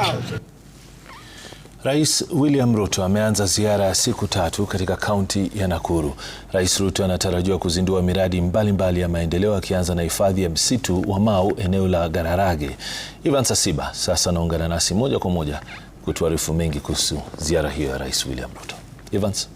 kwao. Rais William Ruto ameanza ziara ya siku tatu katika kaunti ya Nakuru. Rais Ruto anatarajiwa kuzindua miradi mbalimbali mbali ya maendeleo akianza na hifadhi ya msitu wa Mau eneo la Gararage. Ivan Sasiba sasa anaungana nasi moja kwa moja kutuarifu mengi kuhusu ziara hiyo ya Rais William Ruto. Evans.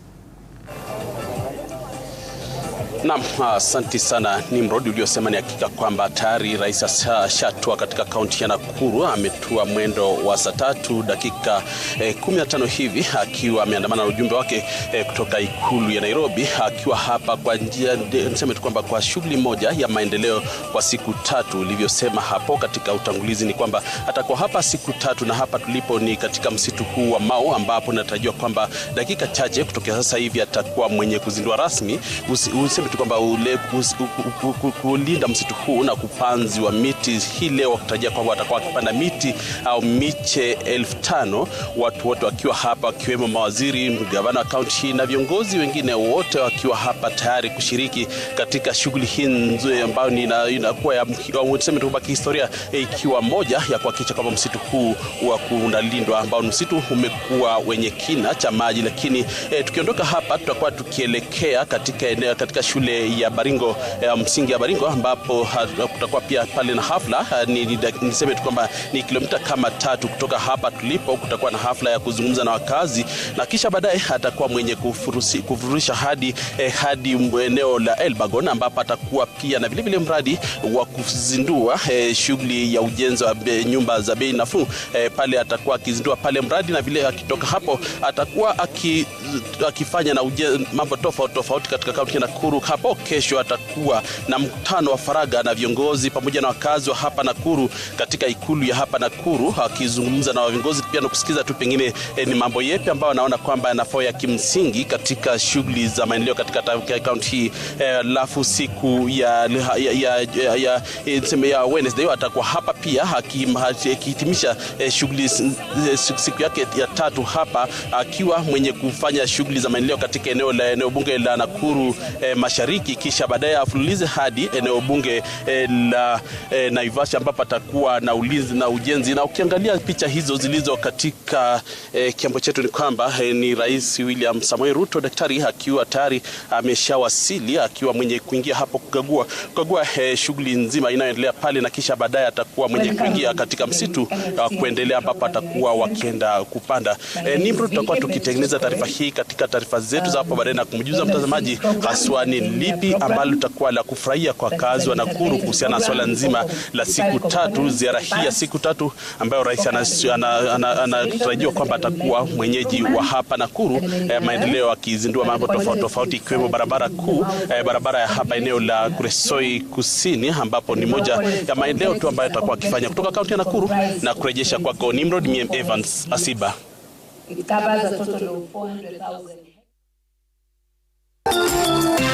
Naam, asante sana mrodi uliosema ni hakika kwamba tayari rais ashatua katika kaunti ya Nakuru. Ametua mwendo wa saa tatu dakika eh, kumi na tano hivi akiwa ameandamana na ujumbe wake eh, kutoka ikulu ya Nairobi, akiwa hapa kwa njia niseme tu kwamba kwa shughuli moja ya maendeleo kwa siku tatu. Ulivyosema hapo katika utangulizi ni kwamba atakuwa hapa siku tatu, na hapa tulipo ni katika msitu huu wa Mau, ambapo natarajiwa kwamba dakika chache kutokea sasa hivi atakuwa mwenye kuzindua rasmi usi, usi, tu kwamba kulinda msitu huu na kupanzi wa miti hii leo, wakitarajia kwamba watakuwa wakipanda miti au miche elfu tano watu wote wakiwa hapa, wakiwemo mawaziri, gavana wa kaunti hii na viongozi wengine wote wakiwa hapa tayari kushiriki katika shughuli hii nzuri ambayo inakuwa tuseme tu kihistoria, eh, ikiwa moja ya kuhakikisha kwamba msitu huu wa kunalindwa ambao msitu umekuwa wenye kina cha maji. Lakini eh, tukiondoka hapa tutakuwa tukielekea katika eneo katika shule shule ya Baringo ya eh, msingi ya Baringo, ambapo ah, kutakuwa pia pale na hafla. Ah, niseme tu kwamba ni kilomita kama tatu kutoka hapa tulipo, kutakuwa na hafla ya kuzungumza na wakazi, na kisha baadaye atakuwa mwenye kufurusi, kufurusha hadi eh, hadi eneo la Elbagon, ambapo atakuwa pia na vilevile mradi wa kuzindua eh, shughuli ya ujenzi wa be, nyumba za bei nafuu eh, pale atakuwa akizindua pale mradi, na vile akitoka hapo atakuwa akifanya na mambo tofauti tofauti katika kaunti ya Nakuru hapo kesho atakuwa na mkutano wa faraga na viongozi pamoja na wakazi wa hapa Nakuru katika ikulu ya hapa Nakuru, akizungumza na viongozi pia na kusikiza tu pengine eh, ni mambo yepi ambayo anaona kwamba yanafaa ya kimsingi katika shughuli za maendeleo katika kaunti hii. eh, Alafu siku ya ya ya ya, ya ya, ya, eh, ya Wednesday atakuwa hapa pia akihitimisha eh, shughuli eh, siku yake ya tatu hapa akiwa mwenye kufanya shughuli za maendeleo katika eneo la eneo bunge la Nakuru eh, Mashariki, kisha baadaye afululize hadi eneo bunge e, la e, Naivasha ambapo atakuwa na ulinzi na ujenzi. Na ukiangalia picha hizo zilizo katika e, kiambo chetu ni kwamba e, ni Rais William Samoei Ruto daktari akiwa tayari ameshawasili akiwa mwenye kuingia hapo kukagua kukagua e, shughuli nzima inayoendelea pale, na kisha baadaye atakuwa mwenye kuingia katika msitu wa kuendelea ambapo atakuwa wakienda kupanda e, nimru tutakuwa tukitengeneza taarifa hii katika taarifa zetu za hapo baadaye na kumjuza mtazamaji haswa nini lipi ambalo litakuwa la kufurahia kwa kazi wa Nakuru kuhusiana na swala nzima la siku tatu, ziara hii ya siku tatu ambayo rais anatarajiwa kwamba atakuwa mwenyeji wa hapa Nakuru, eh, maendeleo akizindua mambo tofauti tofauti ikiwemo barabara kuu, eh, barabara ya hapa eneo la Kuresoi Kusini ambapo ni moja ya maendeleo tu ambayo atakuwa akifanya. Kutoka kaunti ya Nakuru na kurejesha kwako Nimrod Miem Evans Asiba. It covers a total of 400,000.